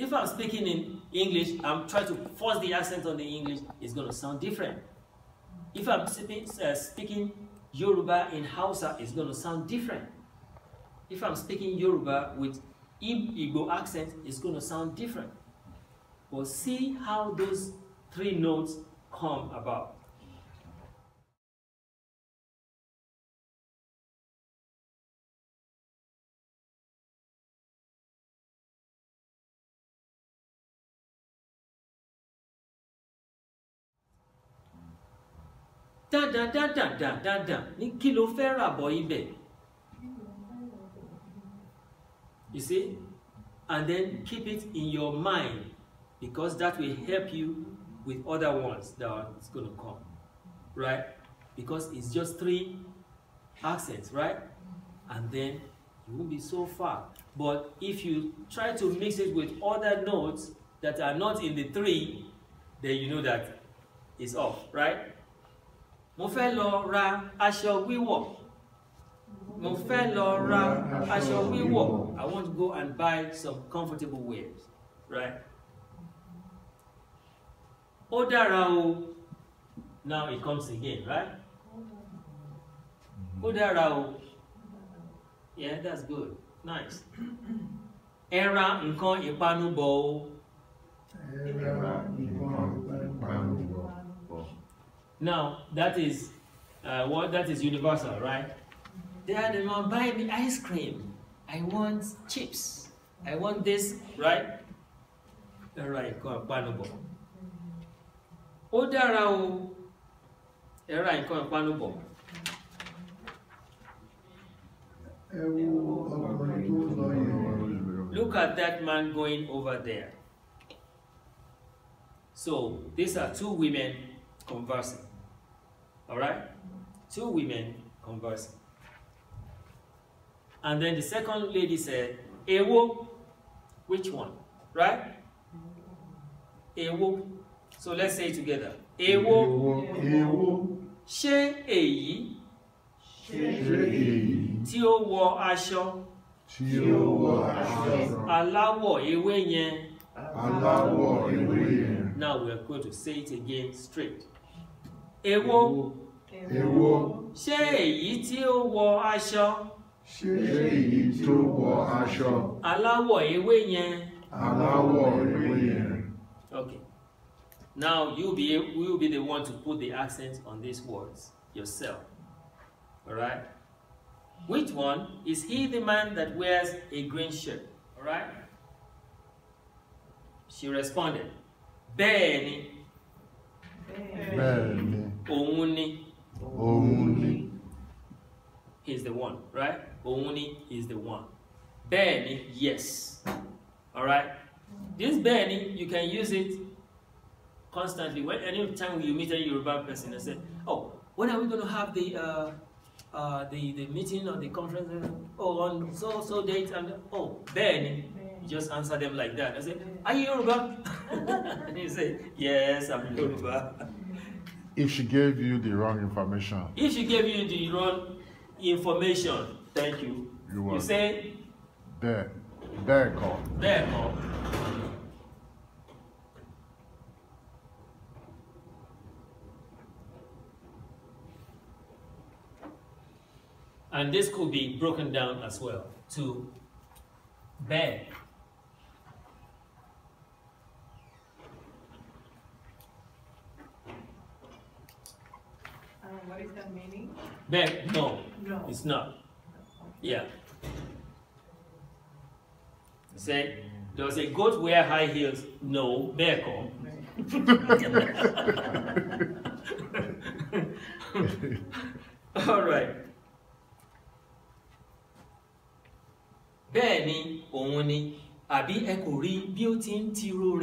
If I'm speaking in English, I'm trying to force the accent on the English, it's going to sound different. If I'm speaking, uh, speaking Yoruba in Hausa, it's going to sound different. If I'm speaking Yoruba with Igbo accent, it's going to sound different. But see how those three notes come about. dáadáadáadáadáa ní kí ló fẹ́ rà bọ̀ ibẹ̀ you see and then keep it in your mind because that will help you with other ones that are going to come right because it's just three accents right and then you won't be so far but if you try to mix it with other notes that are not in the three then you know that it's off right mo fẹ́ lọ ra aṣọ wíwọ̀ mo fẹ́ lọ ra aṣọ wíwọ̀ I want to go and buy some comfortable wears right ó dára o now it comes again right ó dára o yeah that's good nice ẹ ra nǹkan ìpanu bọ̀ o. ẹ nǹkan ìpanu bọ̀ Now, that is uh, what that is universal, right? Dad, mom, buy me ice cream. I want chips. I want this, right? All right, kọ́ àpánubọ̀. Ó dára o, ẹ ra Look at that man going over there. So, these are two women conversing. All right? Two women conversing. And then the second lady said, Ewo, which one? Right? Ewo. So let's say it together. Ewo. Ewo. Ṣé èyí. Ṣé èyí. Tí ó wọ aṣọ. Tí ó wọ aṣọ. Aláwọ̀ ewé yẹn. Aláwọ̀ ewé yẹn. Now we are going to say it again straight. Ewo, ewo. ṣé èyí tí ó wọ aṣọ ṣé èyí tí ó wọ aṣọ aláwọ̀ ewé yẹn aláwọ̀ ewé yẹn. okay now you be you be the one to put the accent on these words yourself all right which one is he the man that wears a green shirt all right she responded bẹ́ẹ̀ bẹ́ẹ̀ni Only. ni He's the one right Only is the one Ben, yes alright this Ben, you can use it constantly when any time you meet a Yoruba person and say oh when are we going to have the uh, uh, the the meeting or the conference oh on so so date and oh Ben. You just answer them like that. I say, Are you Yoruba? and you say, Yes, I'm Yoruba. If she gave you the wrong information. If she gave you the wrong information, thank you. You, you say, There. There, call. There, call. And this could be broken down as well to beg what is the meaning? no. No. It's not. Yeah. Say, does a goat wear high heels? No. Bear come. All Benny, ni òun àbí ekuri kò rí bí ó tiro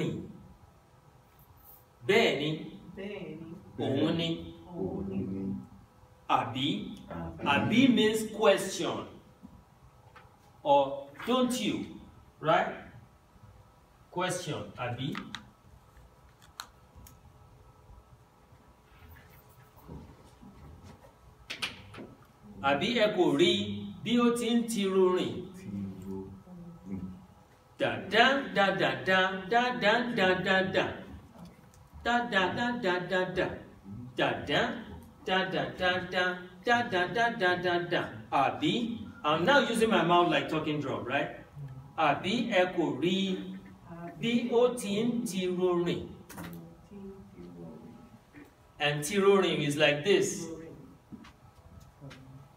ni uh, Abi. Abi means question. Or don't you, right? Question, Abi. àbí ẹ da da da da da da da da da da da da da da da da da da da da da da da da da. Àbí I'm now using my mouth like talking drum, right? Àbí ah, Echo kò rí bí ó ti ń And tiro is like this,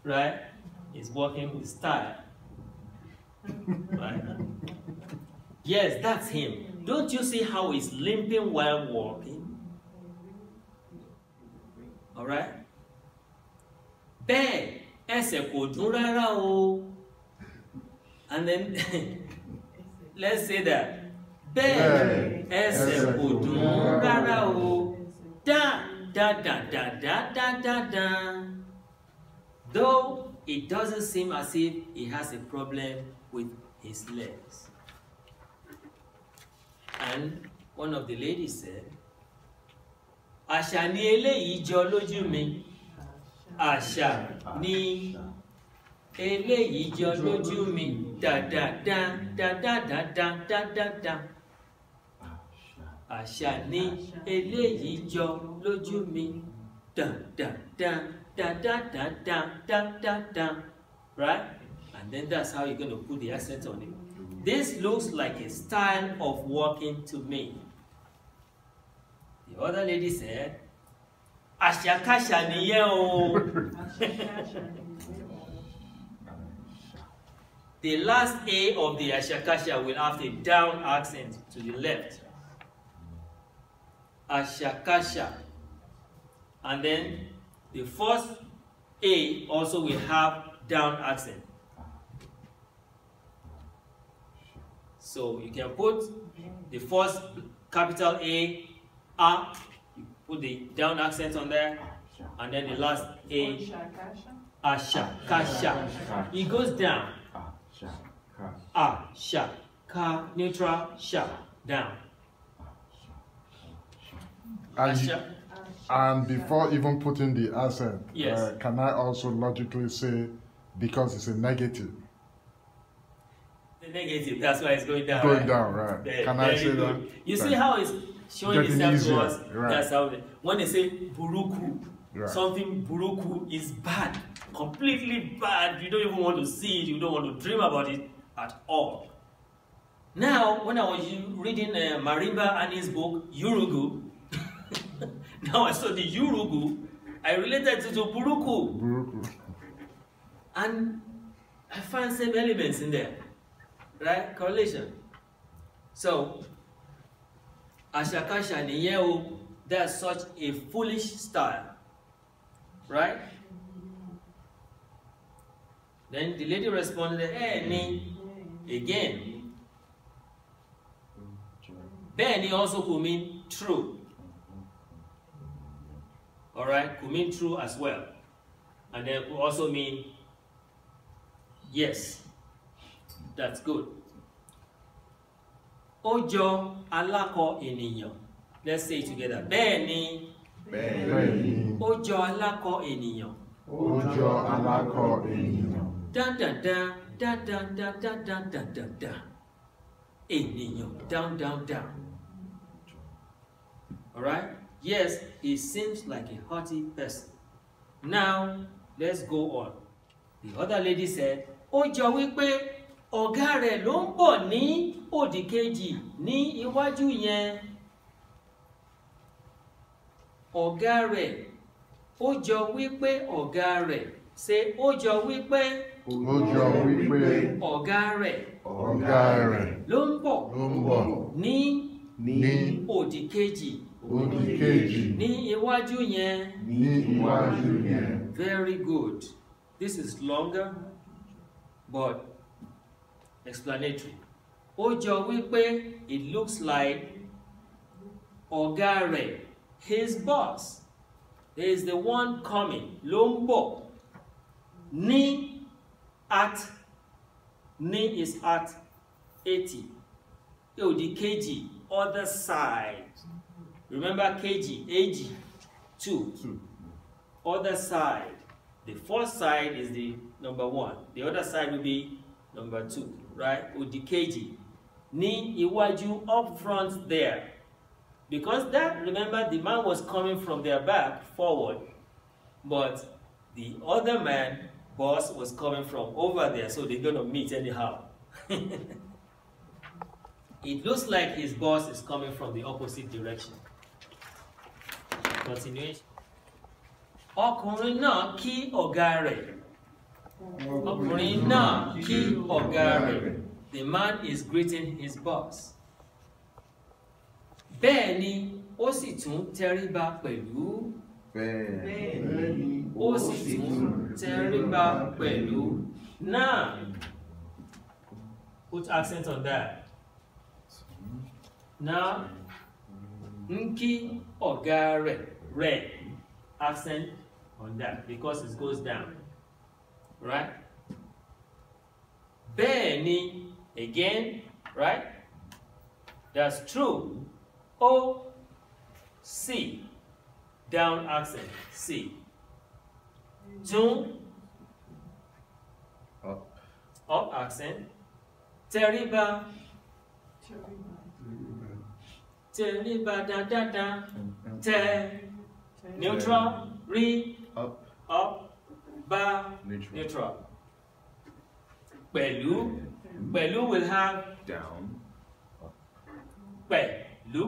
right? It's walking with style, right? Yes, that's him. Don't you see how he's limping while walking? All right? bẹ́ẹ̀ ẹsẹ̀ kò dún rárá o and then let's say that bẹ́ẹ̀ ẹsẹ̀ kò dún rárá o da da da da da da da. dá though it doesn't seem as if he has a problem with his legs. And one of the ladies said, Àṣà ni eléyìí jọ lójú mi àṣà ni eléyìí jọ lójú mi dáadáa dáadáa dáadáa àṣà ni eléyìí jọ lójú mi dáadáa dáadáa right and then that's how you're going to put the accent on it this looks like a style of walking to me the other lady said àṣàkáṣà nìyẹn o the last A of the àṣàkáṣà will have a down accent to the left àṣàkáṣà and then the first A also will have down accent so you can put the first capital A, A put the down accent on there, and then the last A. Asha, kasha. It goes down. Asha, ka, neutral, sha, down. Asha. And before even putting the accent, uh, yes. uh, can I also logically say, because it's a negative? The negative, that's why it's going down. Going right? down, right? There, can I say that? You see how it's showing itself to us. Right. That's how they, when they say buruku, right. something buruku is bad, completely bad. You don't even want to see it. You don't want to dream about it at all. Now, when I was reading uh, Marimba Annie's book, Yurugu, now I saw the Yurugu, I related it to Buruku. Buruku. And I found same elements in there, right? Correlation. So, àṣàkáṣà nìyẹn o that's such a foolish style right then the lady responded "Hey eh, me again Then ni also could mean true alright could mean true as well and then could also mean yes that's good ó jọ alákọ ènìyàn let's say it together bẹ́ẹ̀ ni bẹ́ẹ̀ ni ó jọ alákọ ènìyàn ó jọ alákọ ènìyàn dáadáa dáadáa dáadáa dáadáa ènìyàn down down down alright yes he seems like a hearty person now let's go on the other lady said ó jọ wípé ọ̀gá rẹ̀ ló ń bọ̀ ní òdì kejì ní iwájú yẹn ọ̀gá rẹ̀ ó jọ wípé ọ̀gá rẹ̀ ṣé ó jọ wípé ó jọ wípé ọ̀gá rẹ̀ ọ̀gá rẹ̀ ló ń bọ̀ ló ń bọ̀ ní ní òdì kejì òdì kejì ní iwájú yẹn ní iwájú yẹn very good this is longer but explanatory ó jọ wípé it looks like ọ̀gá rẹ̀ his boss is the one coming ló ń bọ̀ ní at ní is at eighty òdì kejì other side remember kejì èjì two other side the first side is the number one the other side will be number two right òdì kejì ní iwájú up front there because that remember the man was coming from their back forward but the other man boss was coming from over there so they're gonna meet anyhow it looks like his boss is coming from the opposite direction continuation ọkùnrin náà kí ọ̀gá rẹ̀ ọkùnrin ki kí ọ̀gá rẹ̀ the man is greeting his boss bẹ́ẹ̀ ni ó sì tún tẹríba pẹ̀lú bẹ́ẹ̀ ni ó sì tún tẹríba pẹ̀lú náà put accent on that náà ń kí ọ̀gá rẹ̀ rẹ̀ accent on that because it goes down right? Benny again, right? That's true. O, C, down accent, C. June. up, up accent. Teriba. Teriba da da da. tẹ, neutral, rí, up, up ba neutral. Pẹ̀lú pẹ̀lú will have down. Pẹ̀lú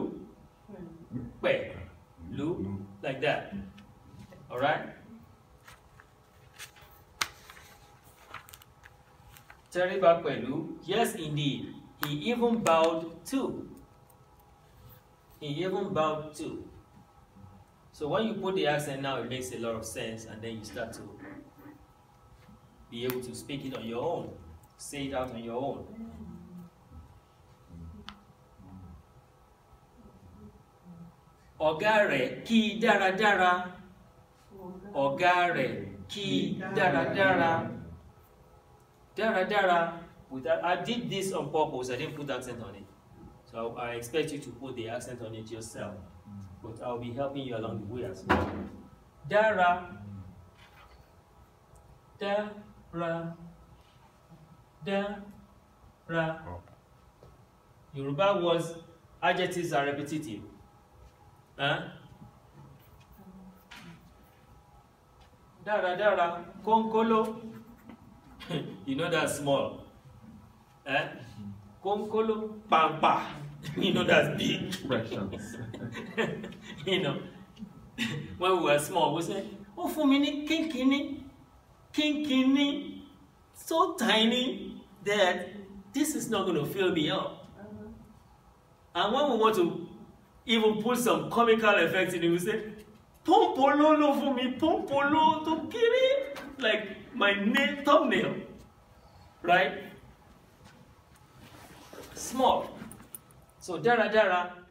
pẹ̀lú like that. All right. Tẹríba pẹ̀lú yes indeed he even bowed too. He even bowed too. So when you put the accent now, it makes a lot of sense, and then you start to be able to speak it on your own, say it out on your own. Ogare ki dara dara, ogare ki dara dara, dara dara. Without, I did this on purpose. I didn't put accent on it. So I expect you to put the accent on it yourself. But I'll be helping you along the way as well. Dara. Dara ra da, ra. Yorùbá words adjectives are repetitive. Huh? Dara, dara. kónkóló you know that's small eh? kónkóló pampa, you know that's big you know when we were small we say ó fún mi ní kínkínní kinkini, so tiny that this is not going to fill me up. Uh -huh. And when we want to even put some comical effect, in it, we say, Pompololo for me, Pompolo to kiri, like my name, thumbnail, right? Small. So, Dara Dara